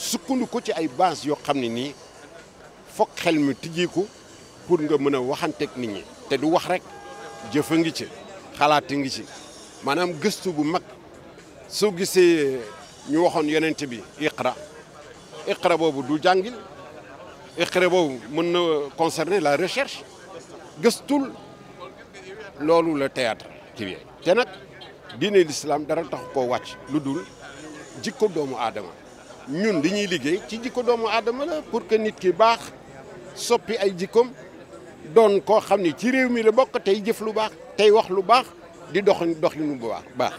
sukkandiku ci ay base yoo xam ne nii foog xel mi tijjiku pour nga mën a waxanteeg nit ñi te du wax rek jëf ngi ci xalaati ngi ci maanaam gëstu bu mag soo gisee ñu waxoon yonent bi iqra iqra boobu du jàngil iqra boobu mën na conserné la recherche gëstul loolu la théâtre ci te nag diine l'islam dara tax koo wàcc lu dul jikko doomu aadama ñun li ñuy liggéey ci jikko doomu pour que nit ki baax soppi ay jikkoom doon koo xam ni ci réew la bokk tey jëf lu baax tey wax lu baax di dox bu baax baax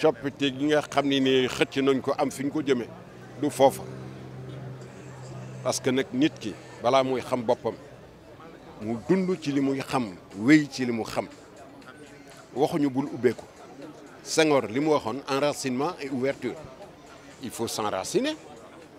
soppite nga xam ne ni xëcc ko am ko du parce que nag nit ki balaa muy xam boppam mu dund ci li muy xam wéy ci li mu xam waxuñu bul ubbeeku li enracinement et ouverture il faut s'enraciner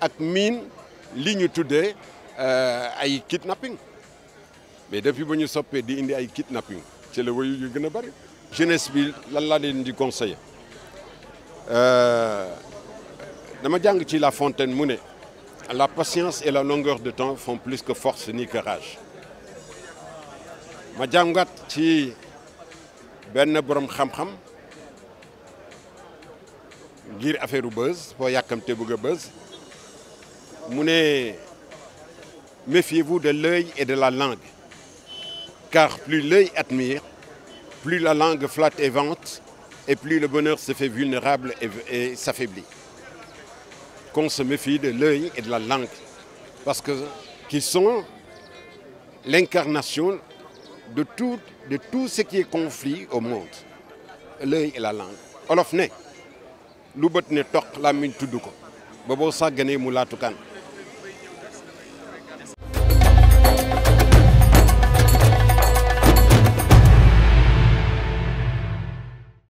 ak miin li ñu euh ay kidnapping mais depuis ba soppé di indi ay kidnapping ci le wayu yu gëna bari jeunesse bi lan laa leen di conseiller euh, dama jang ci La Fontaine mune la patience et la longueur de temps font plus que force ni que rage ma jangat ci ben borom xam-xam ngir affaire buzz boo yàkkamte bëgg buzz méfiez-vous de l'œil et de la langue, car plus l'œil admire, plus la langue flatte et vente et plus le bonheur se fait vulnérable et, s'affaiblit. Qu'on se méfie de l'œil et de la langue, parce que sont l'incarnation de tout, de tout ce qui est conflit au monde. L'œil et la langue. Olofne, ne